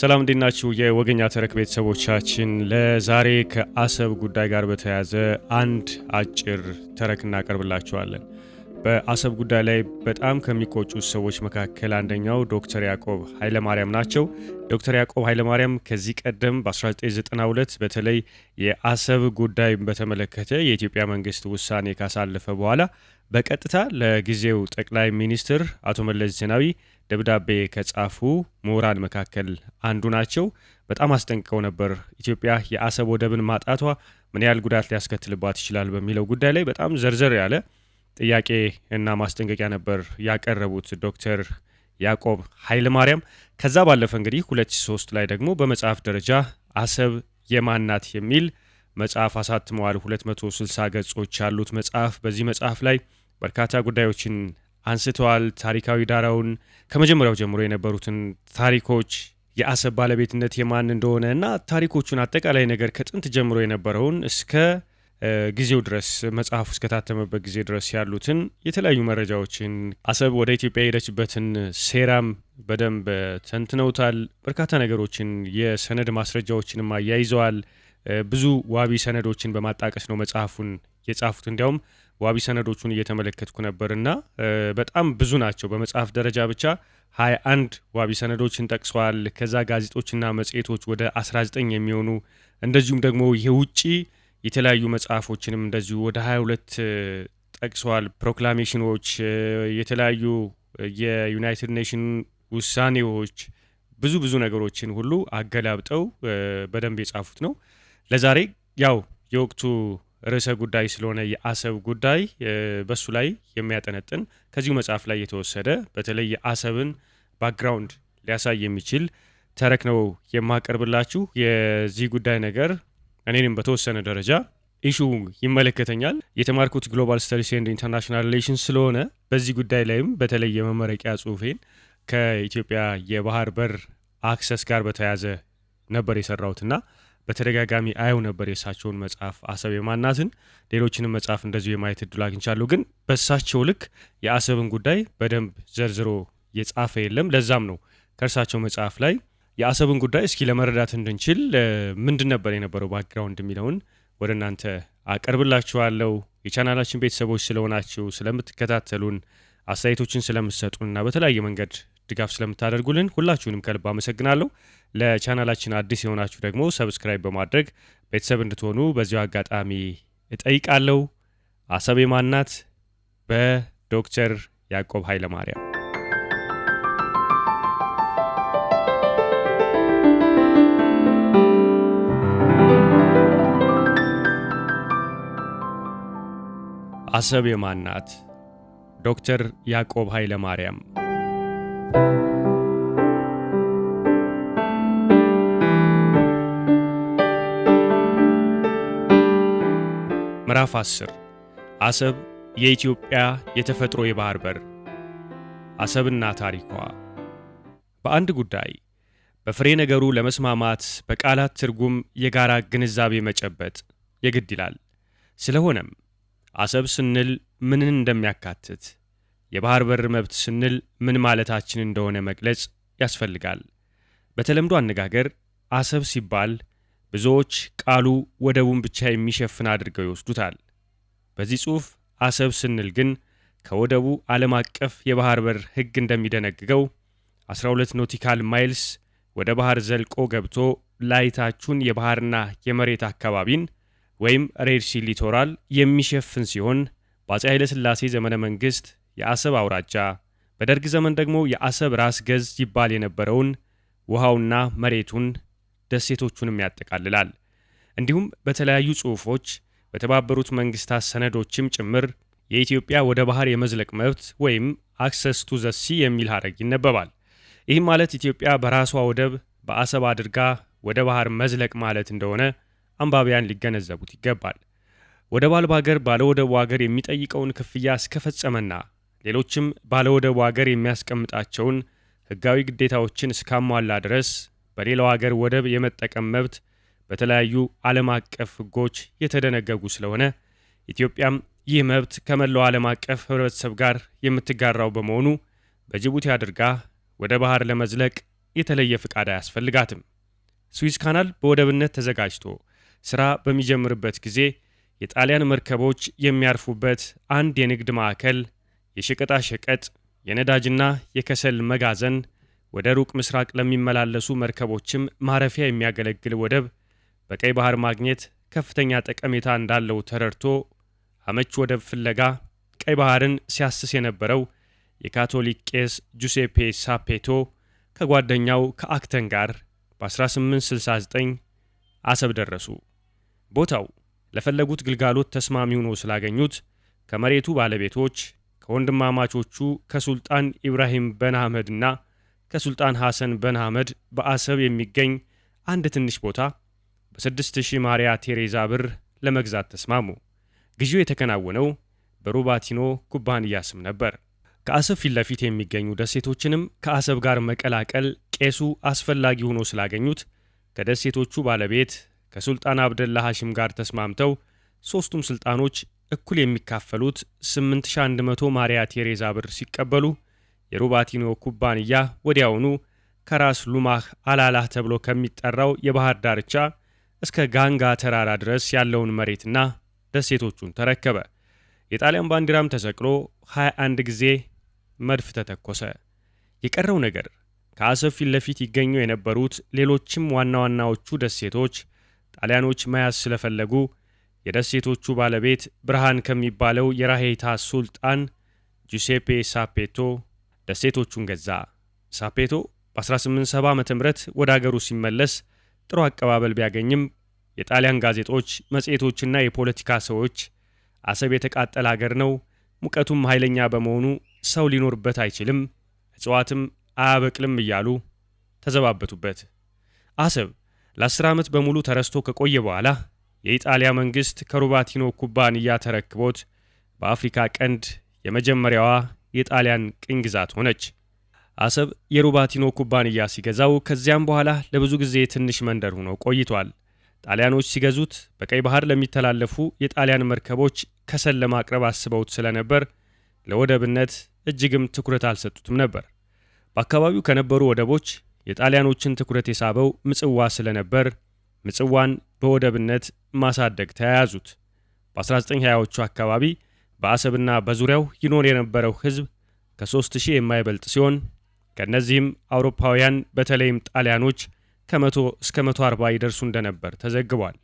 ሰላም እንዴት ናችሁ? የወገኛ ተረክ ቤተሰቦቻችን ለዛሬ ከአሰብ ጉዳይ ጋር በተያያዘ አንድ አጭር ተረክ እናቀርብላችኋለን። በአሰብ ጉዳይ ላይ በጣም ከሚቆጩ ሰዎች መካከል አንደኛው ዶክተር ያዕቆብ ኃይለማርያም ናቸው። ዶክተር ያዕቆብ ኃይለማርያም ከዚህ ቀደም በ1992 በተለይ የአሰብ ጉዳይ በተመለከተ የኢትዮጵያ መንግስት ውሳኔ ካሳለፈ በኋላ በቀጥታ ለጊዜው ጠቅላይ ሚኒስትር አቶ መለስ ዜናዊ ደብዳቤ ከጻፉ ምሁራን መካከል አንዱ ናቸው። በጣም አስጠንቅቀው ነበር። ኢትዮጵያ የአሰብ ወደብን ማጣቷ ምን ያህል ጉዳት ሊያስከትልባት ይችላል በሚለው ጉዳይ ላይ በጣም ዘርዘር ያለ ጥያቄ እና ማስጠንቀቂያ ነበር ያቀረቡት ዶክተር ያዕቆብ ኃይለማርያም ማርያም። ከዛ ባለፈ እንግዲህ 2003 ላይ ደግሞ በመጽሐፍ ደረጃ አሰብ የማናት የሚል መጽሐፍ አሳትመዋል። 260 ገጾች ያሉት መጽሐፍ። በዚህ መጽሐፍ ላይ በርካታ ጉዳዮችን አንስተዋል። ታሪካዊ ዳራውን ከመጀመሪያው ጀምሮ የነበሩትን ታሪኮች የአሰብ ባለቤትነት የማን እንደሆነ እና ታሪኮቹን አጠቃላይ ነገር ከጥንት ጀምሮ የነበረውን እስከ ጊዜው ድረስ መጽሐፉ እስከታተመበት ጊዜ ድረስ ያሉትን የተለያዩ መረጃዎችን አሰብ ወደ ኢትዮጵያ የሄደችበትን ሴራም በደንብ ተንትነውታል። በርካታ ነገሮችን የሰነድ ማስረጃዎችንም አያይዘዋል። ብዙ ዋቢ ሰነዶችን በማጣቀስ ነው መጽሐፉን የጻፉት። እንዲያውም ዋቢ ሰነዶቹን እየተመለከትኩ ነበርና በጣም ብዙ ናቸው። በመጽሐፍ ደረጃ ብቻ 21 ዋቢ ሰነዶችን ጠቅሰዋል። ከዛ ጋዜጦችና መጽሔቶች ወደ 19 የሚሆኑ እንደዚሁም ደግሞ የውጭ የተለያዩ መጽሐፎችንም እንደዚሁ ወደ 22 ጠቅሰዋል። ፕሮክላሜሽኖች፣ የተለያዩ የዩናይትድ ኔሽን ውሳኔዎች፣ ብዙ ብዙ ነገሮችን ሁሉ አገላብጠው በደንብ የጻፉት ነው። ለዛሬ ያው የወቅቱ ርዕሰ ጉዳይ ስለሆነ የአሰብ ጉዳይ በሱ ላይ የሚያጠነጥን ከዚሁ መጽሐፍ ላይ የተወሰደ በተለይ የአሰብን ባክግራውንድ ሊያሳይ የሚችል ተረክ ነው የማቀርብላችሁ። የዚህ ጉዳይ ነገር እኔንም በተወሰነ ደረጃ ኢሹ ይመለከተኛል። የተማርኩት ግሎባል ስተዲስ ኤንድ ኢንተርናሽናል ሪሌሽን ስለሆነ በዚህ ጉዳይ ላይም በተለይ የመመረቂያ ጽሁፌን ከኢትዮጵያ የባህር በር አክሰስ ጋር በተያያዘ ነበር የሰራሁትና በተደጋጋሚ አየው ነበር የእሳቸውን መጽሐፍ አሰብ የማናትን ሌሎችንም መጽሐፍ እንደዚሁ የማየት እድል አግኝቻለሁ። ግን በእሳቸው ልክ የአሰብን ጉዳይ በደንብ ዘርዝሮ የጻፈ የለም። ለዛም ነው ከእርሳቸው መጽሐፍ ላይ የአሰብን ጉዳይ እስኪ ለመረዳት እንድንችል ምንድን ነበር የነበረው ባክግራውንድ የሚለውን ወደ እናንተ አቀርብላችኋለሁ። የቻናላችን ቤተሰቦች ስለሆናችሁ ስለምትከታተሉን፣ አስተያየቶችን ስለምትሰጡንና በተለያየ መንገድ ድጋፍ ስለምታደርጉልን ሁላችሁንም ከልብ አመሰግናለሁ። ለቻናላችን አዲስ የሆናችሁ ደግሞ ሰብስክራይብ በማድረግ ቤተሰብ እንድትሆኑ በዚሁ አጋጣሚ እጠይቃለሁ። አሰብ ማናት በዶክተር ያዕቆብ ኃይለማርያም አሰብ የማናት ዶክተር ያዕቆብ ኃይለማርያም ምዕራፍ 10 አሰብ የኢትዮጵያ የተፈጥሮ የባህር በር። አሰብና ታሪኳ በአንድ ጉዳይ በፍሬ ነገሩ ለመስማማት በቃላት ትርጉም የጋራ ግንዛቤ መጨበጥ የግድ ይላል። ስለሆነም አሰብ ስንል ምንን እንደሚያካትት፣ የባህር በር መብት ስንል ምን ማለታችን እንደሆነ መግለጽ ያስፈልጋል። በተለምዶ አነጋገር አሰብ ሲባል ብዙዎች ቃሉ ወደቡን ብቻ የሚሸፍን አድርገው ይወስዱታል። በዚህ ጽሑፍ አሰብ ስንል ግን ከወደቡ ዓለም አቀፍ የባህር በር ሕግ እንደሚደነግገው 12 ኖቲካል ማይልስ ወደ ባህር ዘልቆ ገብቶ ላይታችሁን የባህርና የመሬት አካባቢን ወይም ሬድሲ ሊቶራል የሚሸፍን ሲሆን በአጼ ኃይለ ሥላሴ ዘመነ መንግሥት የአሰብ አውራጃ፣ በደርግ ዘመን ደግሞ የአሰብ ራስ ገዝ ይባል የነበረውን ውሃውና መሬቱን ደሴቶቹንም ያጠቃልላል። እንዲሁም በተለያዩ ጽሑፎች በተባበሩት መንግስታት ሰነዶችም ጭምር የኢትዮጵያ ወደ ባህር የመዝለቅ መብት ወይም አክሰስ ቱ ዘሲ የሚል ሀረግ ይነበባል። ይህም ማለት ኢትዮጵያ በራሷ ወደብ በአሰብ አድርጋ ወደ ባህር መዝለቅ ማለት እንደሆነ አንባቢያን ሊገነዘቡት ይገባል። ወደብ አልባ ሀገር ባለወደቡ ሀገር የሚጠይቀውን ክፍያ እስከፈጸመና ሌሎችም ባለወደቡ ሀገር የሚያስቀምጣቸውን ህጋዊ ግዴታዎችን እስካሟላ ድረስ በሌላው አገር ወደብ የመጠቀም መብት በተለያዩ ዓለም አቀፍ ሕጎች የተደነገጉ ስለሆነ ኢትዮጵያም ይህ መብት ከመላው ዓለም አቀፍ ህብረተሰብ ጋር የምትጋራው በመሆኑ በጅቡቲ አድርጋ ወደ ባህር ለመዝለቅ የተለየ ፍቃድ አያስፈልጋትም። ስዊስ ካናል በወደብነት ተዘጋጅቶ ሥራ በሚጀምርበት ጊዜ የጣሊያን መርከቦች የሚያርፉበት አንድ የንግድ ማዕከል፣ የሸቀጣሸቀጥ፣ የነዳጅና የከሰል መጋዘን ወደ ሩቅ ምስራቅ ለሚመላለሱ መርከቦችም ማረፊያ የሚያገለግል ወደብ በቀይ ባህር ማግኘት ከፍተኛ ጠቀሜታ እንዳለው ተረድቶ አመች ወደብ ፍለጋ ቀይ ባህርን ሲያስስ የነበረው የካቶሊክ ቄስ ጁሴፔ ሳፔቶ ከጓደኛው ከአክተን ጋር በ1869 አሰብ ደረሱ። ቦታው ለፈለጉት ግልጋሎት ተስማሚ ሆኖ ስላገኙት ከመሬቱ ባለቤቶች ከወንድማማቾቹ ከሱልጣን ኢብራሂም በን አህመድና ከሱልጣን ሐሰን በን አህመድ በአሰብ የሚገኝ አንድ ትንሽ ቦታ በ6000 ማሪያ ቴሬዛ ብር ለመግዛት ተስማሙ። ግዢው የተከናወነው በሩባቲኖ ኩባንያ ስም ነበር። ከአሰብ ፊት ለፊት የሚገኙ ደሴቶችንም ከአሰብ ጋር መቀላቀል ቄሱ አስፈላጊ ሆኖ ስላገኙት ከደሴቶቹ ባለቤት ከሱልጣን አብደላ ሐሽም ጋር ተስማምተው ሦስቱም ሥልጣኖች እኩል የሚካፈሉት 8100 ማሪያ ቴሬዛ ብር ሲቀበሉ የሩባቲኖ ኩባንያ ወዲያውኑ ከራስ ሉማህ አላላህ ተብሎ ከሚጠራው የባህር ዳርቻ እስከ ጋንጋ ተራራ ድረስ ያለውን መሬትና ደሴቶቹን ተረከበ። የጣሊያን ባንዲራም ተሰቅሎ 21 ጊዜ መድፍ ተተኮሰ። የቀረው ነገር ከአሰብ ፊት ለፊት ይገኙ የነበሩት ሌሎችም ዋና ዋናዎቹ ደሴቶች ጣሊያኖች መያዝ ስለፈለጉ የደሴቶቹ ባለቤት ብርሃን ከሚባለው የራሄታ ሱልጣን ጁሴፔ ሳፔቶ ደሴቶቹን ገዛ። ሳፔቶ በ1870 ዓ ም ወደ አገሩ ሲመለስ ጥሩ አቀባበል ቢያገኝም የጣሊያን ጋዜጦች፣ መጽሔቶችና የፖለቲካ ሰዎች አሰብ የተቃጠለ አገር ነው፣ ሙቀቱም ኃይለኛ በመሆኑ ሰው ሊኖርበት አይችልም፣ እጽዋትም አያበቅልም እያሉ ተዘባበቱበት። አሰብ ለ10 ዓመት በሙሉ ተረስቶ ከቆየ በኋላ የኢጣሊያ መንግሥት ከሩባቲኖ ኩባንያ ተረክቦት በአፍሪካ ቀንድ የመጀመሪያዋ የጣሊያን ቅኝ ግዛት ሆነች። አሰብ የሩባቲኖ ኩባንያ ሲገዛው ከዚያም በኋላ ለብዙ ጊዜ ትንሽ መንደር ሆኖ ቆይቷል። ጣሊያኖች ሲገዙት በቀይ ባህር ለሚተላለፉ የጣሊያን መርከቦች ከሰል ለማቅረብ አስበውት ስለነበር ለወደብነት እጅግም ትኩረት አልሰጡትም ነበር። በአካባቢው ከነበሩ ወደቦች የጣሊያኖችን ትኩረት የሳበው ምጽዋ ስለነበር ምጽዋን በወደብነት ማሳደግ ተያያዙት። በ1920ዎቹ አካባቢ በአሰብና በዙሪያው ይኖር የነበረው ህዝብ ከ ሺህ የማይበልጥ ሲሆን ከእነዚህም አውሮፓውያን በተለይም ጣሊያኖች ከመቶ እስከ መቶ ይደርሱ እንደነበር ተዘግቧል።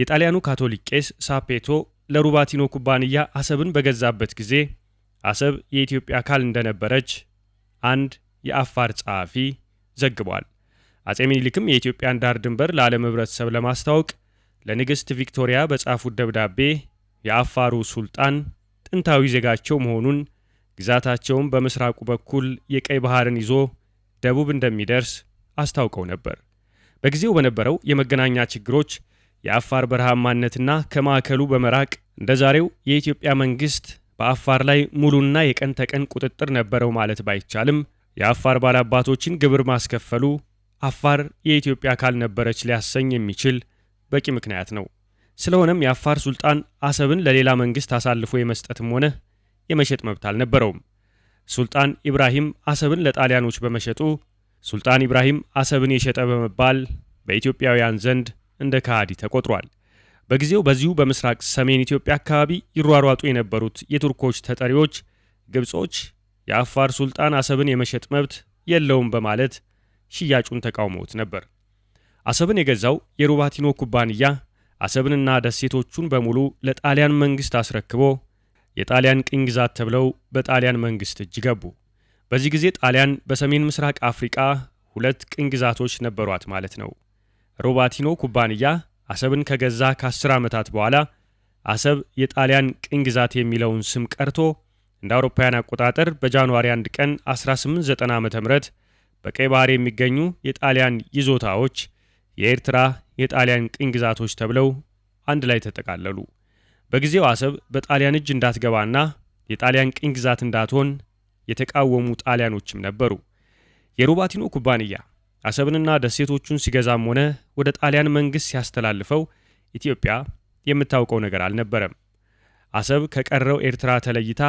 የጣሊያኑ ካቶሊክ ቄስ ሳፔቶ ለሩባቲኖ ኩባንያ አሰብን በገዛበት ጊዜ አሰብ የኢትዮጵያ አካል እንደነበረች አንድ የአፋር ጸሐፊ ዘግቧል። አጼ ሚኒሊክም የኢትዮጵያን ዳር ድንበር ለዓለም ህብረተሰብ ለማስታወቅ ለንግሥት ቪክቶሪያ በጻፉት ደብዳቤ የአፋሩ ሱልጣን ጥንታዊ ዜጋቸው መሆኑን ግዛታቸውም በምስራቁ በኩል የቀይ ባህርን ይዞ ደቡብ እንደሚደርስ አስታውቀው ነበር። በጊዜው በነበረው የመገናኛ ችግሮች የአፋር በረሃማነትና ከማዕከሉ በመራቅ እንደ ዛሬው የኢትዮጵያ መንግስት በአፋር ላይ ሙሉና የቀን ተቀን ቁጥጥር ነበረው ማለት ባይቻልም የአፋር ባላባቶችን ግብር ማስከፈሉ አፋር የኢትዮጵያ አካል ነበረች ሊያሰኝ የሚችል በቂ ምክንያት ነው። ስለሆነም የአፋር ሱልጣን አሰብን ለሌላ መንግስት አሳልፎ የመስጠትም ሆነ የመሸጥ መብት አልነበረውም። ሱልጣን ኢብራሂም አሰብን ለጣሊያኖች በመሸጡ ሱልጣን ኢብራሂም አሰብን የሸጠ በመባል በኢትዮጵያውያን ዘንድ እንደ ከሃዲ ተቆጥሯል። በጊዜው በዚሁ በምስራቅ ሰሜን ኢትዮጵያ አካባቢ ይሯሯጡ የነበሩት የቱርኮች ተጠሪዎች ግብጾች የአፋር ሱልጣን አሰብን የመሸጥ መብት የለውም በማለት ሽያጩን ተቃውመውት ነበር። አሰብን የገዛው የሩባቲኖ ኩባንያ አሰብንና ደሴቶቹን በሙሉ ለጣሊያን መንግስት አስረክቦ የጣሊያን ቅኝ ግዛት ተብለው በጣሊያን መንግስት እጅ ገቡ። በዚህ ጊዜ ጣሊያን በሰሜን ምስራቅ አፍሪቃ ሁለት ቅኝ ግዛቶች ነበሯት ማለት ነው። ሮባቲኖ ኩባንያ አሰብን ከገዛ ከ10 ዓመታት በኋላ አሰብ የጣሊያን ቅኝ ግዛት የሚለውን ስም ቀርቶ እንደ አውሮፓውያን አቆጣጠር በጃንዋሪ 1 ቀን 1890 ዓ ም በቀይ ባህር የሚገኙ የጣሊያን ይዞታዎች የኤርትራ የጣሊያን ቅኝ ግዛቶች ተብለው አንድ ላይ ተጠቃለሉ። በጊዜው አሰብ በጣሊያን እጅ እንዳትገባና የጣሊያን ቅኝ ግዛት እንዳትሆን የተቃወሙ ጣሊያኖችም ነበሩ። የሮባቲኖ ኩባንያ አሰብንና ደሴቶቹን ሲገዛም ሆነ ወደ ጣሊያን መንግሥት ሲያስተላልፈው ኢትዮጵያ የምታውቀው ነገር አልነበረም። አሰብ ከቀረው ኤርትራ ተለይታ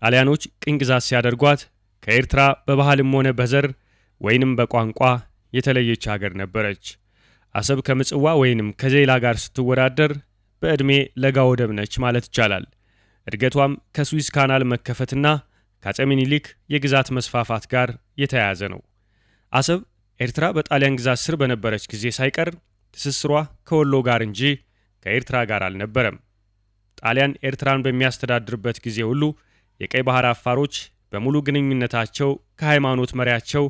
ጣሊያኖች ቅኝ ግዛት ሲያደርጓት ከኤርትራ በባህልም ሆነ በዘር ወይንም በቋንቋ የተለየች ሀገር ነበረች። አሰብ ከምጽዋ ወይንም ከዜላ ጋር ስትወዳደር በዕድሜ ለጋ ወደብ ነች ማለት ይቻላል። እድገቷም ከስዊዝ ካናል መከፈትና ከአጼ ምኒልክ የግዛት መስፋፋት ጋር የተያያዘ ነው። አሰብ ኤርትራ በጣሊያን ግዛት ስር በነበረች ጊዜ ሳይቀር ትስስሯ ከወሎ ጋር እንጂ ከኤርትራ ጋር አልነበረም። ጣሊያን ኤርትራን በሚያስተዳድርበት ጊዜ ሁሉ የቀይ ባህር አፋሮች በሙሉ ግንኙነታቸው ከሃይማኖት መሪያቸው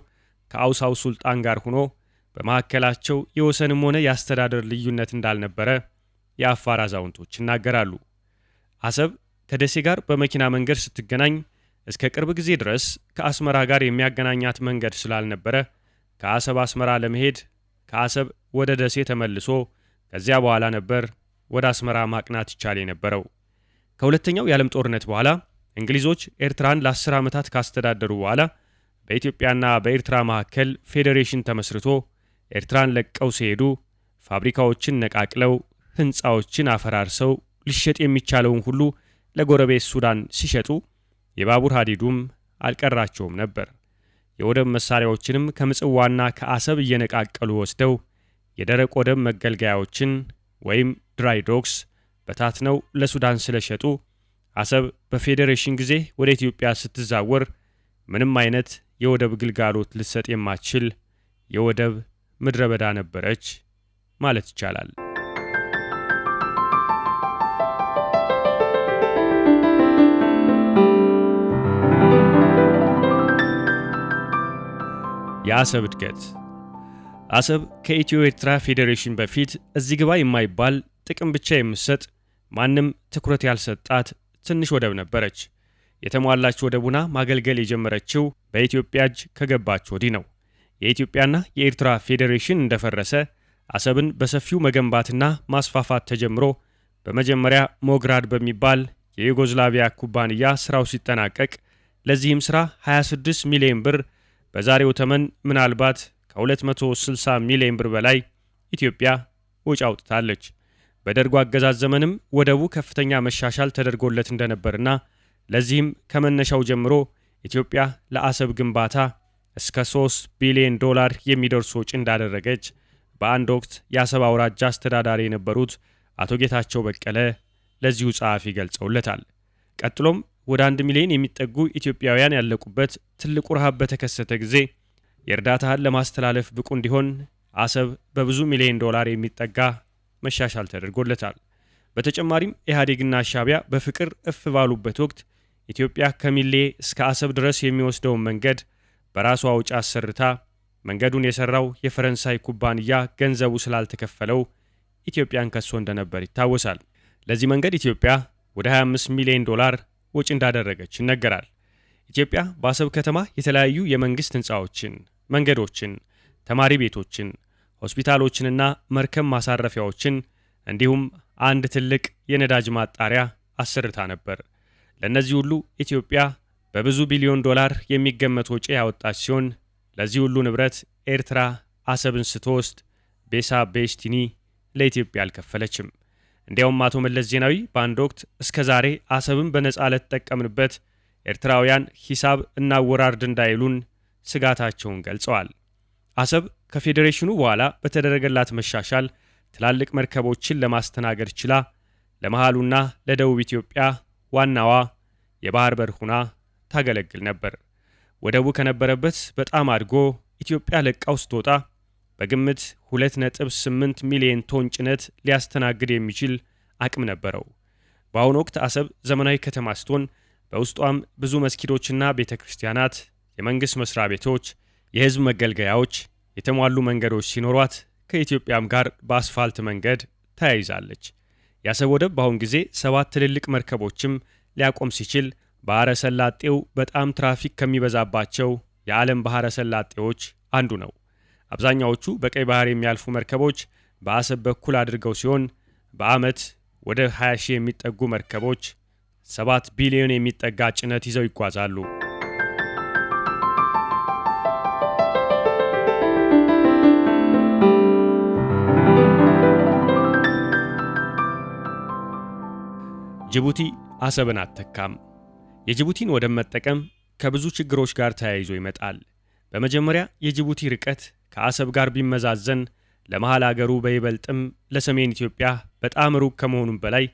ከአውሳው ሱልጣን ጋር ሆኖ በማዕከላቸው የወሰንም ሆነ የአስተዳደር ልዩነት እንዳልነበረ የአፋር አዛውንቶች ይናገራሉ። አሰብ ከደሴ ጋር በመኪና መንገድ ስትገናኝ እስከ ቅርብ ጊዜ ድረስ ከአስመራ ጋር የሚያገናኛት መንገድ ስላልነበረ ከአሰብ አስመራ ለመሄድ ከአሰብ ወደ ደሴ ተመልሶ ከዚያ በኋላ ነበር ወደ አስመራ ማቅናት ይቻል የነበረው። ከሁለተኛው የዓለም ጦርነት በኋላ እንግሊዞች ኤርትራን ለ10 ዓመታት ካስተዳደሩ በኋላ በኢትዮጵያና በኤርትራ መካከል ፌዴሬሽን ተመስርቶ ኤርትራን ለቀው ሲሄዱ ፋብሪካዎችን ነቃቅለው ሕንፃዎችን አፈራርሰው ሊሸጥ የሚቻለውን ሁሉ ለጎረቤት ሱዳን ሲሸጡ የባቡር ሀዲዱም አልቀራቸውም ነበር። የወደብ መሳሪያዎችንም ከምጽዋና ከአሰብ እየነቃቀሉ ወስደው የደረቅ ወደብ መገልገያዎችን ወይም ድራይዶክስ በታትነው ለሱዳን ስለሸጡ አሰብ በፌዴሬሽን ጊዜ ወደ ኢትዮጵያ ስትዛወር ምንም አይነት የወደብ ግልጋሎት ልትሰጥ የማትችል የወደብ ምድረ በዳ ነበረች ማለት ይቻላል። የአሰብ እድገት አሰብ ከኢትዮ ኤርትራ ፌዴሬሽን በፊት እዚህ ግባ የማይባል ጥቅም ብቻ የምትሰጥ ማንም ትኩረት ያልሰጣት ትንሽ ወደብ ነበረች። የተሟላች ወደቡና ማገልገል የጀመረችው በኢትዮጵያ እጅ ከገባች ወዲህ ነው። የኢትዮጵያና የኤርትራ ፌዴሬሽን እንደፈረሰ አሰብን በሰፊው መገንባትና ማስፋፋት ተጀምሮ በመጀመሪያ ሞግራድ በሚባል የዩጎዝላቪያ ኩባንያ ስራው ሲጠናቀቅ ለዚህም ስራ 26 ሚሊዮን ብር በዛሬው ተመን ምናልባት ከ260 ሚሊዮን ብር በላይ ኢትዮጵያ ወጪ አውጥታለች። በደርጎ አገዛዝ ዘመንም ወደቡ ከፍተኛ መሻሻል ተደርጎለት እንደነበርና ለዚህም ከመነሻው ጀምሮ ኢትዮጵያ ለአሰብ ግንባታ እስከ 3 ቢሊዮን ዶላር የሚደርስ ወጪ እንዳደረገች በአንድ ወቅት የአሰብ አውራጃ አስተዳዳሪ የነበሩት አቶ ጌታቸው በቀለ ለዚሁ ጸሐፊ ገልጸውለታል። ቀጥሎም ወደ አንድ ሚሊዮን የሚጠጉ ኢትዮጵያውያን ያለቁበት ትልቁ ረሃብ በተከሰተ ጊዜ የእርዳታህን ለማስተላለፍ ብቁ እንዲሆን አሰብ በብዙ ሚሊዮን ዶላር የሚጠጋ መሻሻል ተደርጎለታል። በተጨማሪም ኢህአዴግና ሻቢያ በፍቅር እፍ ባሉበት ወቅት ኢትዮጵያ ከሚሌ እስከ አሰብ ድረስ የሚወስደውን መንገድ በራሷ ውጪ አሰርታ መንገዱን የሰራው የፈረንሳይ ኩባንያ ገንዘቡ ስላልተከፈለው ኢትዮጵያን ከሶ እንደነበር ይታወሳል። ለዚህ መንገድ ኢትዮጵያ ወደ 25 ሚሊዮን ዶላር ወጪ እንዳደረገች ይነገራል። ኢትዮጵያ በአሰብ ከተማ የተለያዩ የመንግስት ህንፃዎችን፣ መንገዶችን፣ ተማሪ ቤቶችን፣ ሆስፒታሎችንና መርከብ ማሳረፊያዎችን እንዲሁም አንድ ትልቅ የነዳጅ ማጣሪያ አሰርታ ነበር። ለእነዚህ ሁሉ ኢትዮጵያ በብዙ ቢሊዮን ዶላር የሚገመት ወጪ ያወጣች ሲሆን ለዚህ ሁሉ ንብረት ኤርትራ አሰብን ስትወስድ ቤሳ ቤስቲኒ ለኢትዮጵያ አልከፈለችም። እንዲያውም አቶ መለስ ዜናዊ በአንድ ወቅት እስከ ዛሬ አሰብን በነፃ ለተጠቀምንበት ኤርትራውያን ሂሳብ እናወራርድ እንዳይሉን ስጋታቸውን ገልጸዋል። አሰብ ከፌዴሬሽኑ በኋላ በተደረገላት መሻሻል ትላልቅ መርከቦችን ለማስተናገድ ችላ ለመሃሉና ለደቡብ ኢትዮጵያ ዋናዋ የባህር በር ሁና ታገለግል ነበር። ወደቡ ከነበረበት በጣም አድጎ ኢትዮጵያ ለቃው ስትወጣ በግምት 2.8 ሚሊዮን ቶን ጭነት ሊያስተናግድ የሚችል አቅም ነበረው። በአሁኑ ወቅት አሰብ ዘመናዊ ከተማ ስትሆን በውስጧም ብዙ መስጊዶችና ቤተ ክርስቲያናት፣ የመንግሥት መስሪያ ቤቶች፣ የሕዝብ መገልገያዎች፣ የተሟሉ መንገዶች ሲኖሯት ከኢትዮጵያም ጋር በአስፋልት መንገድ ተያይዛለች። የአሰብ ወደብ በአሁን ጊዜ ሰባት ትልልቅ መርከቦችም ሊያቆም ሲችል ባሕረ ሰላጤው በጣም ትራፊክ ከሚበዛባቸው የዓለም ባሕረ ሰላጤዎች አንዱ ነው። አብዛኛዎቹ በቀይ ባህር የሚያልፉ መርከቦች በአሰብ በኩል አድርገው ሲሆን በዓመት ወደ 20 ሺህ የሚጠጉ መርከቦች 7 ቢሊዮን የሚጠጋ ጭነት ይዘው ይጓዛሉ። ጅቡቲ አሰብን አትተካም። የጅቡቲን ወደብ መጠቀም ከብዙ ችግሮች ጋር ተያይዞ ይመጣል። በመጀመሪያ የጅቡቲ ርቀት ከአሰብ ጋር ቢመዛዘን ለመሃል አገሩ በይበልጥም ለሰሜን ኢትዮጵያ በጣም ሩቅ ከመሆኑም በላይ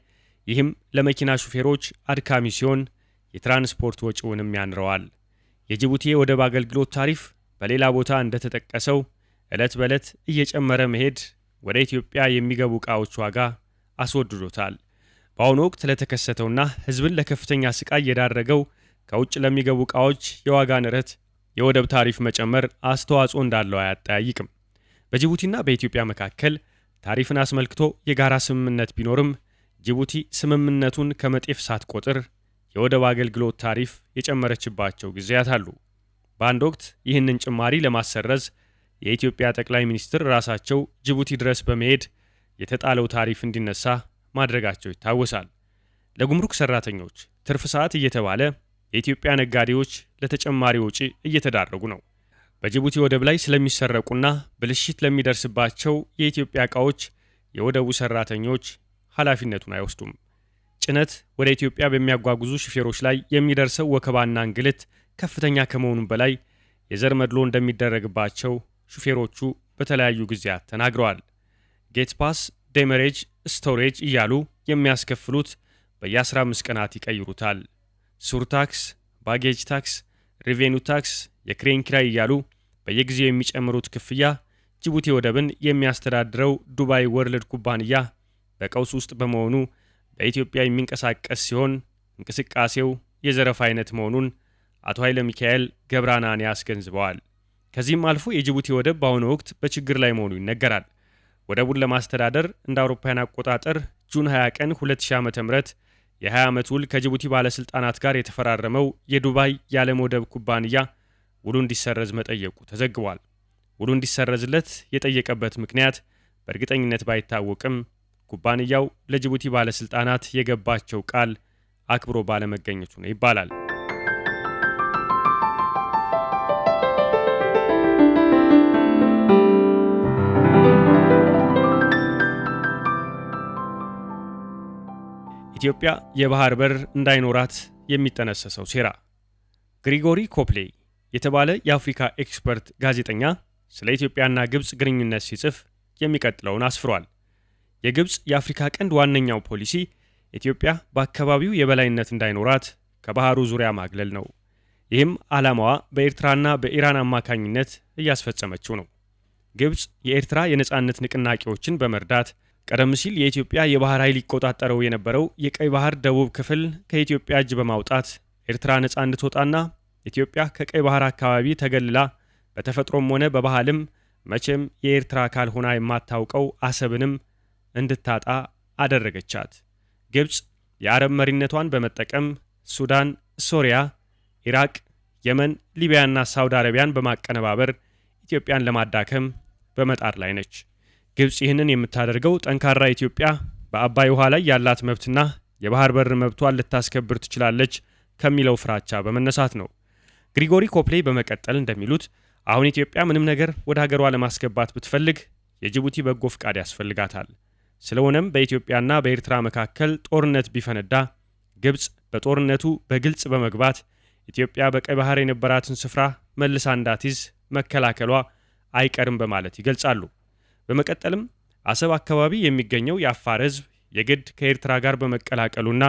ይህም ለመኪና ሹፌሮች አድካሚ ሲሆን የትራንስፖርት ወጪውንም ያንረዋል። የጅቡቲ የወደብ አገልግሎት ታሪፍ በሌላ ቦታ እንደተጠቀሰው ዕለት በዕለት እየጨመረ መሄድ ወደ ኢትዮጵያ የሚገቡ ዕቃዎች ዋጋ አስወድዶታል። በአሁኑ ወቅት ለተከሰተውና ህዝብን ለከፍተኛ ስቃይ የዳረገው ከውጭ ለሚገቡ ዕቃዎች የዋጋ ንረት የወደብ ታሪፍ መጨመር አስተዋጽኦ እንዳለው አያጠያይቅም። በጅቡቲና በኢትዮጵያ መካከል ታሪፍን አስመልክቶ የጋራ ስምምነት ቢኖርም ጅቡቲ ስምምነቱን ከመጤፍ ሳትቆጥር የወደብ አገልግሎት ታሪፍ የጨመረችባቸው ጊዜያት አሉ። በአንድ ወቅት ይህንን ጭማሪ ለማሰረዝ የኢትዮጵያ ጠቅላይ ሚኒስትር ራሳቸው ጅቡቲ ድረስ በመሄድ የተጣለው ታሪፍ እንዲነሳ ማድረጋቸው ይታወሳል። ለጉምሩክ ሰራተኞች ትርፍ ሰዓት እየተባለ የኢትዮጵያ ነጋዴዎች ለተጨማሪ ወጪ እየተዳረጉ ነው። በጅቡቲ ወደብ ላይ ስለሚሰረቁና ብልሽት ለሚደርስባቸው የኢትዮጵያ እቃዎች የወደቡ ሰራተኞች ኃላፊነቱን አይወስዱም። ጭነት ወደ ኢትዮጵያ በሚያጓጉዙ ሹፌሮች ላይ የሚደርሰው ወከባና እንግልት ከፍተኛ ከመሆኑም በላይ የዘር መድሎ እንደሚደረግባቸው ሹፌሮቹ በተለያዩ ጊዜያት ተናግረዋል። ጌትፓስ፣ ዴመሬጅ ስቶሬጅ እያሉ የሚያስከፍሉት በየ15 ቀናት ይቀይሩታል። ሱር ታክስ፣ ባጌጅ ታክስ፣ ሪቬኒ ታክስ፣ የክሬን ኪራይ እያሉ በየጊዜው የሚጨምሩት ክፍያ ጅቡቲ ወደብን የሚያስተዳድረው ዱባይ ወርልድ ኩባንያ በቀውስ ውስጥ በመሆኑ በኢትዮጵያ የሚንቀሳቀስ ሲሆን እንቅስቃሴው የዘረፋ አይነት መሆኑን አቶ ኃይለ ሚካኤል ገብረሃናን አስገንዝበዋል። ከዚህም አልፎ የጅቡቲ ወደብ በአሁኑ ወቅት በችግር ላይ መሆኑ ይነገራል። ወደቡን ለማስተዳደር እንደ አውሮፓውያን አቆጣጠር ጁን 20 ቀን 2000 ዓ ም የ20 ዓመት ውል ከጅቡቲ ባለሥልጣናት ጋር የተፈራረመው የዱባይ የዓለም ወደብ ኩባንያ ውሉ እንዲሰረዝ መጠየቁ ተዘግቧል። ውሉ እንዲሰረዝለት የጠየቀበት ምክንያት በእርግጠኝነት ባይታወቅም ኩባንያው ለጅቡቲ ባለሥልጣናት የገባቸው ቃል አክብሮ ባለመገኘቱ ነው ይባላል። ኢትዮጵያ የባህር በር እንዳይኖራት የሚጠነሰሰው ሴራ። ግሪጎሪ ኮፕሌይ የተባለ የአፍሪካ ኤክስፐርት ጋዜጠኛ ስለ ኢትዮጵያና ግብፅ ግንኙነት ሲጽፍ የሚቀጥለውን አስፍሯል። የግብፅ የአፍሪካ ቀንድ ዋነኛው ፖሊሲ ኢትዮጵያ በአካባቢው የበላይነት እንዳይኖራት ከባህሩ ዙሪያ ማግለል ነው። ይህም ዓላማዋ በኤርትራና በኢራን አማካኝነት እያስፈጸመችው ነው። ግብፅ የኤርትራ የነፃነት ንቅናቄዎችን በመርዳት ቀደም ሲል የኢትዮጵያ የባህር ኃይል ይቆጣጠረው የነበረው የቀይ ባህር ደቡብ ክፍል ከኢትዮጵያ እጅ በማውጣት ኤርትራ ነፃ እንድትወጣና ኢትዮጵያ ከቀይ ባህር አካባቢ ተገልላ በተፈጥሮም ሆነ በባህልም መቼም የኤርትራ አካል ሆና የማታውቀው አሰብንም እንድታጣ አደረገቻት። ግብፅ የአረብ መሪነቷን በመጠቀም ሱዳን፣ ሶሪያ፣ ኢራቅ፣ የመን፣ ሊቢያና ሳውዲ አረቢያን በማቀነባበር ኢትዮጵያን ለማዳከም በመጣር ላይ ነች። ግብፅ ይህንን የምታደርገው ጠንካራ ኢትዮጵያ በአባይ ውሃ ላይ ያላት መብትና የባህር በር መብቷን ልታስከብር ትችላለች ከሚለው ፍራቻ በመነሳት ነው። ግሪጎሪ ኮፕሌ በመቀጠል እንደሚሉት አሁን ኢትዮጵያ ምንም ነገር ወደ ሀገሯ ለማስገባት ብትፈልግ የጅቡቲ በጎ ፍቃድ ያስፈልጋታል። ስለሆነም በኢትዮጵያና በኤርትራ መካከል ጦርነት ቢፈነዳ ግብፅ በጦርነቱ በግልጽ በመግባት ኢትዮጵያ በቀይ ባህር የነበራትን ስፍራ መልሳ እንዳትይዝ መከላከሏ አይቀርም በማለት ይገልጻሉ። በመቀጠልም አሰብ አካባቢ የሚገኘው የአፋር ህዝብ የግድ ከኤርትራ ጋር በመቀላቀሉና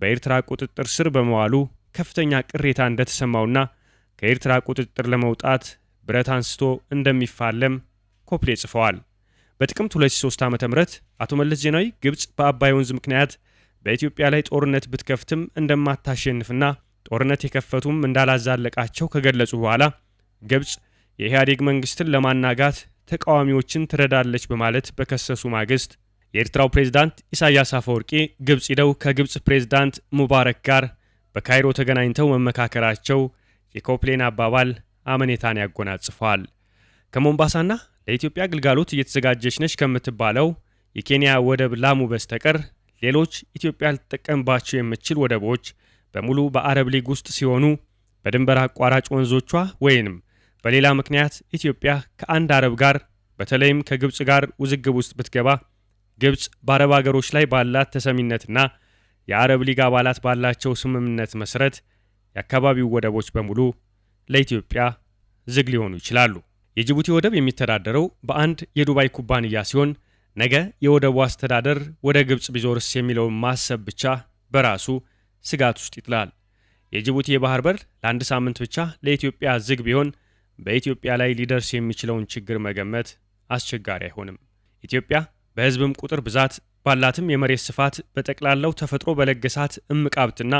በኤርትራ ቁጥጥር ስር በመዋሉ ከፍተኛ ቅሬታ እንደተሰማውና ከኤርትራ ቁጥጥር ለመውጣት ብረት አንስቶ እንደሚፋለም ኮፕሌ ጽፈዋል። በጥቅምት 2003 ዓ ም አቶ መለስ ዜናዊ ግብፅ በአባይ ወንዝ ምክንያት በኢትዮጵያ ላይ ጦርነት ብትከፍትም እንደማታሸንፍና ጦርነት የከፈቱም እንዳላዛለቃቸው ከገለጹ በኋላ ግብፅ የኢህአዴግ መንግስትን ለማናጋት ተቃዋሚዎችን ትረዳለች በማለት በከሰሱ ማግስት የኤርትራው ፕሬዝዳንት ኢሳያስ አፈወርቂ ግብፅ ሂደው ከግብፅ ፕሬዝዳንት ሙባረክ ጋር በካይሮ ተገናኝተው መመካከራቸው የኮፕሌን አባባል አመኔታን ያጎናጽፏል። ከሞምባሳና ለኢትዮጵያ አገልጋሎት እየተዘጋጀች ነች ከምትባለው የኬንያ ወደብ ላሙ በስተቀር ሌሎች ኢትዮጵያ ልትጠቀምባቸው የምትችል ወደቦች በሙሉ በአረብ ሊግ ውስጥ ሲሆኑ በድንበር አቋራጭ ወንዞቿ ወይንም በሌላ ምክንያት ኢትዮጵያ ከአንድ አረብ ጋር በተለይም ከግብፅ ጋር ውዝግብ ውስጥ ብትገባ ግብፅ በአረብ አገሮች ላይ ባላት ተሰሚነትና የአረብ ሊግ አባላት ባላቸው ስምምነት መሰረት የአካባቢው ወደቦች በሙሉ ለኢትዮጵያ ዝግ ሊሆኑ ይችላሉ። የጅቡቲ ወደብ የሚተዳደረው በአንድ የዱባይ ኩባንያ ሲሆን ነገ የወደቡ አስተዳደር ወደ ግብፅ ቢዞርስ የሚለውን ማሰብ ብቻ በራሱ ስጋት ውስጥ ይጥላል። የጅቡቲ የባህር በር ለአንድ ሳምንት ብቻ ለኢትዮጵያ ዝግ ቢሆን በኢትዮጵያ ላይ ሊደርስ የሚችለውን ችግር መገመት አስቸጋሪ አይሆንም። ኢትዮጵያ በሕዝብም ቁጥር ብዛት ባላትም የመሬት ስፋት በጠቅላላው ተፈጥሮ በለገሳት እምቃብትና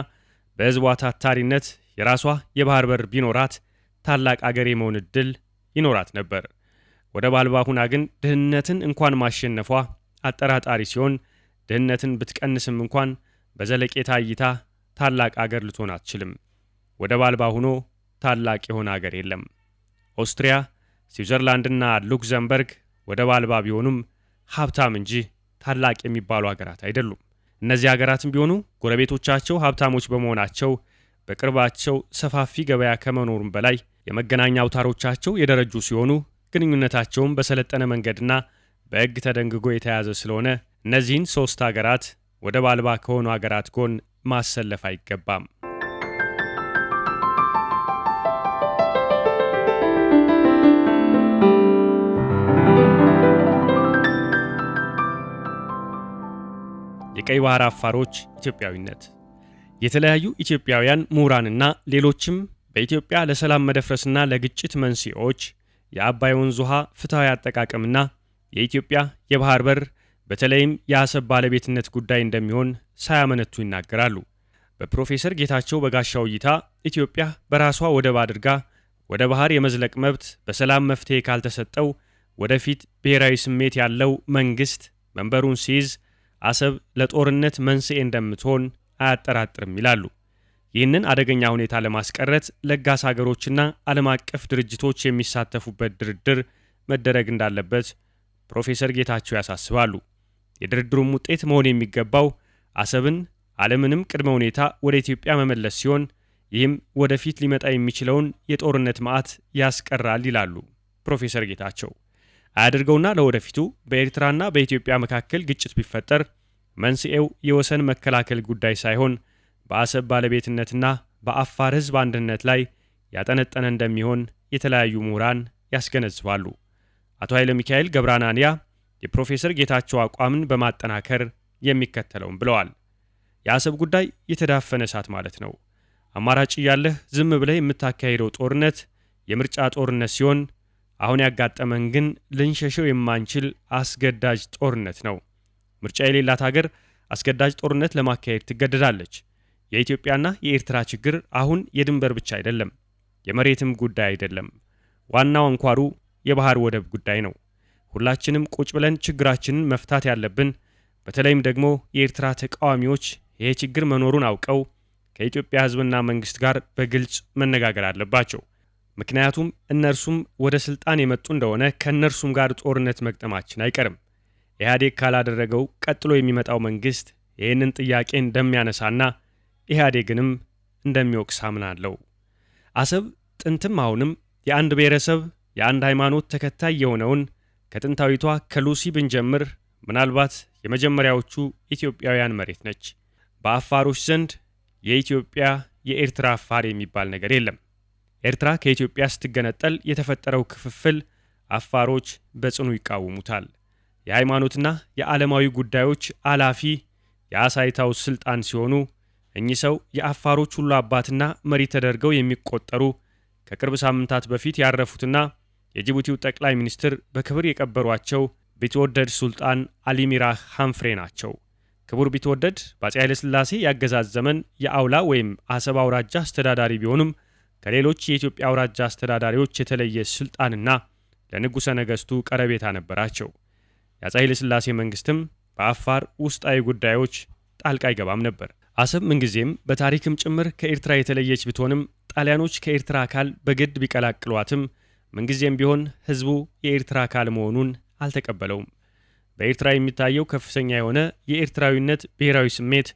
በህዝቧ በሕዝቧ ታታሪነት የራሷ የባህር በር ቢኖራት ታላቅ አገር የመሆን ዕድል ይኖራት ነበር። ወደብ አልባ ሁና ግን ድህነትን እንኳን ማሸነፏ አጠራጣሪ ሲሆን፣ ድህነትን ብትቀንስም እንኳን በዘለቄታ እይታ ታላቅ አገር ልትሆን አትችልም። ወደብ አልባ ሁኖ ታላቅ የሆነ አገር የለም። ኦስትሪያ፣ ስዊዘርላንድና ሉክዘምበርግ ወደብ አልባ ቢሆኑም ሀብታም እንጂ ታላቅ የሚባሉ ሀገራት አይደሉም። እነዚህ ሀገራትም ቢሆኑ ጎረቤቶቻቸው ሀብታሞች በመሆናቸው በቅርባቸው ሰፋፊ ገበያ ከመኖሩም በላይ የመገናኛ አውታሮቻቸው የደረጁ ሲሆኑ ግንኙነታቸውም በሰለጠነ መንገድና በሕግ ተደንግጎ የተያዘ ስለሆነ እነዚህን ሶስት ሀገራት ወደብ አልባ ከሆኑ ሀገራት ጎን ማሰለፍ አይገባም። የቀይ ባህር አፋሮች ኢትዮጵያዊነት የተለያዩ ኢትዮጵያውያን ምሁራንና ሌሎችም በኢትዮጵያ ለሰላም መደፍረስና ለግጭት መንስኤዎች የአባይ ወንዝ ውሃ ፍትሐዊ አጠቃቀምና የኢትዮጵያ የባህር በር በተለይም የአሰብ ባለቤትነት ጉዳይ እንደሚሆን ሳያመነቱ ይናገራሉ። በፕሮፌሰር ጌታቸው በጋሻው እይታ ኢትዮጵያ በራሷ ወደብ አድርጋ ወደ ባህር የመዝለቅ መብት በሰላም መፍትሄ ካልተሰጠው ወደፊት ብሔራዊ ስሜት ያለው መንግስት መንበሩን ሲይዝ አሰብ ለጦርነት መንስኤ እንደምትሆን አያጠራጥርም ይላሉ። ይህንን አደገኛ ሁኔታ ለማስቀረት ለጋስ ሀገሮችና ዓለም አቀፍ ድርጅቶች የሚሳተፉበት ድርድር መደረግ እንዳለበት ፕሮፌሰር ጌታቸው ያሳስባሉ። የድርድሩም ውጤት መሆን የሚገባው አሰብን አለምንም ቅድመ ሁኔታ ወደ ኢትዮጵያ መመለስ ሲሆን ይህም ወደፊት ሊመጣ የሚችለውን የጦርነት መዓት ያስቀራል ይላሉ ፕሮፌሰር ጌታቸው። አያድርገውና ለወደፊቱ በኤርትራና በኢትዮጵያ መካከል ግጭት ቢፈጠር መንስኤው የወሰን መከላከል ጉዳይ ሳይሆን በአሰብ ባለቤትነትና በአፋር ሕዝብ አንድነት ላይ ያጠነጠነ እንደሚሆን የተለያዩ ምሁራን ያስገነዝባሉ። አቶ ኃይለ ሚካኤል ገብረአናንያ የፕሮፌሰር ጌታቸው አቋምን በማጠናከር የሚከተለውን ብለዋል። የአሰብ ጉዳይ የተዳፈነ እሳት ማለት ነው። አማራጭ እያለህ ዝም ብለህ የምታካሄደው ጦርነት የምርጫ ጦርነት ሲሆን አሁን ያጋጠመን ግን ልንሸሸው የማንችል አስገዳጅ ጦርነት ነው። ምርጫ የሌላት ሀገር አስገዳጅ ጦርነት ለማካሄድ ትገደዳለች። የኢትዮጵያና የኤርትራ ችግር አሁን የድንበር ብቻ አይደለም፣ የመሬትም ጉዳይ አይደለም። ዋናው አንኳሩ የባህር ወደብ ጉዳይ ነው። ሁላችንም ቁጭ ብለን ችግራችንን መፍታት ያለብን፣ በተለይም ደግሞ የኤርትራ ተቃዋሚዎች ይሄ ችግር መኖሩን አውቀው ከኢትዮጵያ ሕዝብና መንግስት ጋር በግልጽ መነጋገር አለባቸው። ምክንያቱም እነርሱም ወደ ስልጣን የመጡ እንደሆነ ከእነርሱም ጋር ጦርነት መግጠማችን አይቀርም። ኢህአዴግ ካላደረገው ቀጥሎ የሚመጣው መንግስት ይህንን ጥያቄ እንደሚያነሳና ኢህአዴግንም እንደሚወቅስ አምናለሁ። አሰብ ጥንትም አሁንም የአንድ ብሔረሰብ የአንድ ሃይማኖት ተከታይ የሆነውን ከጥንታዊቷ ከሉሲ ብንጀምር ምናልባት የመጀመሪያዎቹ ኢትዮጵያውያን መሬት ነች። በአፋሮች ዘንድ የኢትዮጵያ የኤርትራ አፋር የሚባል ነገር የለም። ኤርትራ ከኢትዮጵያ ስትገነጠል የተፈጠረው ክፍፍል አፋሮች በጽኑ ይቃወሙታል። የሃይማኖትና የዓለማዊ ጉዳዮች አላፊ የአሳይታው ስልጣን ሲሆኑ እኚህ ሰው የአፋሮች ሁሉ አባትና መሪ ተደርገው የሚቆጠሩ ከቅርብ ሳምንታት በፊት ያረፉትና የጅቡቲው ጠቅላይ ሚኒስትር በክብር የቀበሯቸው ቢትወደድ ሱልጣን አሊሚራህ ሃምፍሬ ናቸው። ክቡር ቢትወደድ በአፄ ኃይለሥላሴ ያገዛዝ ዘመን የአውላ ወይም አሰብ አውራጃ አስተዳዳሪ ቢሆኑም ከሌሎች የኢትዮጵያ አውራጃ አስተዳዳሪዎች የተለየ ስልጣንና ለንጉሠ ነገሥቱ ቀረቤታ ነበራቸው። የአፄ ኃይለሥላሴ መንግሥትም በአፋር ውስጣዊ ጉዳዮች ጣልቃ አይገባም ነበር። አሰብ ምንጊዜም በታሪክም ጭምር ከኤርትራ የተለየች ብትሆንም ጣሊያኖች ከኤርትራ አካል በግድ ቢቀላቅሏትም ምንጊዜም ቢሆን ሕዝቡ የኤርትራ አካል መሆኑን አልተቀበለውም። በኤርትራ የሚታየው ከፍተኛ የሆነ የኤርትራዊነት ብሔራዊ ስሜት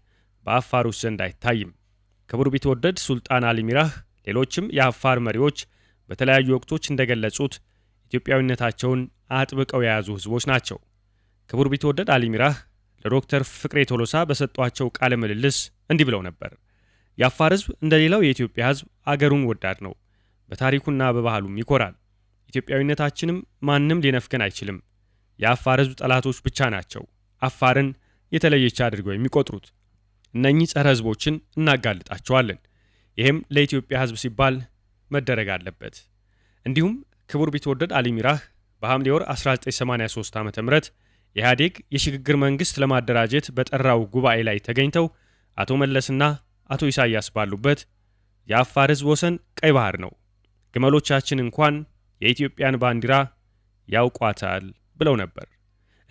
በአፋር ውስጥ ዘንድ አይታይም። ክቡር ቢትወደድ ሱልጣን አሊ ሚራህ ሌሎችም የአፋር መሪዎች በተለያዩ ወቅቶች እንደገለጹት ኢትዮጵያዊነታቸውን አጥብቀው የያዙ ህዝቦች ናቸው። ክቡር ቢትወደድ አሊሚራህ ለዶክተር ፍቅሬ ቶሎሳ በሰጧቸው ቃለ ምልልስ እንዲህ ብለው ነበር። የአፋር ህዝብ እንደሌላው የኢትዮጵያ ህዝብ አገሩን ወዳድ ነው። በታሪኩና በባህሉም ይኮራል። ኢትዮጵያዊነታችንም ማንም ሊነፍገን አይችልም። የአፋር ህዝብ ጠላቶች ብቻ ናቸው አፋርን የተለየች አድርገው የሚቆጥሩት። እነኚህ ጸረ ህዝቦችን እናጋልጣቸዋለን። ይህም ለኢትዮጵያ ሕዝብ ሲባል መደረግ አለበት። እንዲሁም ክቡር ቢትወደድ አሊ ሚራህ በሐምሌ ወር 1983 ዓ ም ኢህአዴግ የሽግግር መንግሥት ለማደራጀት በጠራው ጉባኤ ላይ ተገኝተው አቶ መለስና አቶ ኢሳያስ ባሉበት የአፋር ሕዝብ ወሰን ቀይ ባህር ነው፣ ግመሎቻችን እንኳን የኢትዮጵያን ባንዲራ ያውቋታል ብለው ነበር።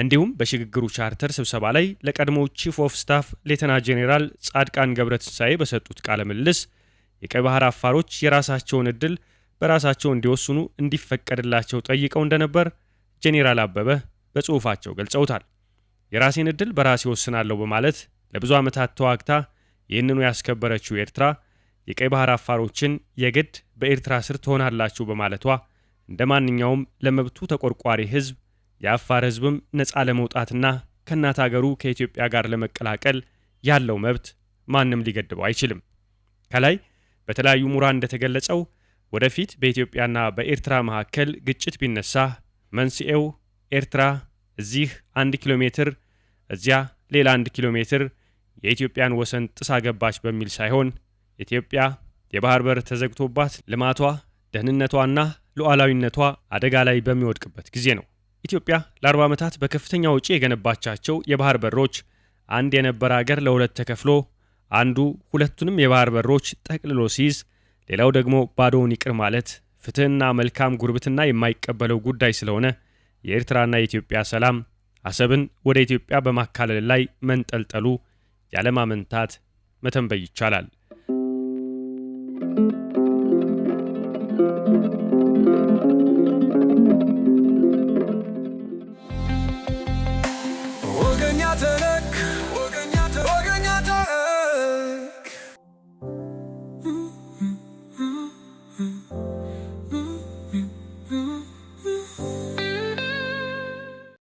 እንዲሁም በሽግግሩ ቻርተር ስብሰባ ላይ ለቀድሞው ቺፍ ኦፍ ስታፍ ሌተና ጄኔራል ጻድቃን ገብረ ትንሣኤ በሰጡት ቃለ ምልልስ የቀይ ባህር አፋሮች የራሳቸውን እድል በራሳቸው እንዲወስኑ እንዲፈቀድላቸው ጠይቀው እንደነበር ጄኔራል አበበ በጽሑፋቸው ገልጸውታል። የራሴን እድል በራሴ ወስናለሁ በማለት ለብዙ ዓመታት ተዋግታ ይህንኑ ያስከበረችው ኤርትራ የቀይ ባህር አፋሮችን የግድ በኤርትራ ስር ትሆናላችሁ በማለቷ እንደ ማንኛውም ለመብቱ ተቆርቋሪ ህዝብ የአፋር ህዝብም ነፃ ለመውጣትና ከእናት አገሩ ከኢትዮጵያ ጋር ለመቀላቀል ያለው መብት ማንም ሊገድበው አይችልም። ከላይ በተለያዩ ምሁራን እንደተገለጸው ወደፊት በኢትዮጵያና በኤርትራ መካከል ግጭት ቢነሳ መንስኤው ኤርትራ እዚህ አንድ ኪሎ ሜትር እዚያ ሌላ አንድ ኪሎ ሜትር የኢትዮጵያን ወሰን ጥሳ ገባች በሚል ሳይሆን ኢትዮጵያ የባህር በር ተዘግቶባት ልማቷ፣ ደህንነቷና ሉዓላዊነቷ አደጋ ላይ በሚወድቅበት ጊዜ ነው። ኢትዮጵያ ለ40 ዓመታት በከፍተኛ ውጪ የገነባቻቸው የባህር በሮች አንድ የነበረ አገር ለሁለት ተከፍሎ አንዱ ሁለቱንም የባህር በሮች ጠቅልሎ ሲይዝ፣ ሌላው ደግሞ ባዶውን ይቅር ማለት ፍትህና መልካም ጉርብትና የማይቀበለው ጉዳይ ስለሆነ የኤርትራና የኢትዮጵያ ሰላም አሰብን ወደ ኢትዮጵያ በማካለል ላይ መንጠልጠሉ ያለማመንታት መተንበይ ይቻላል።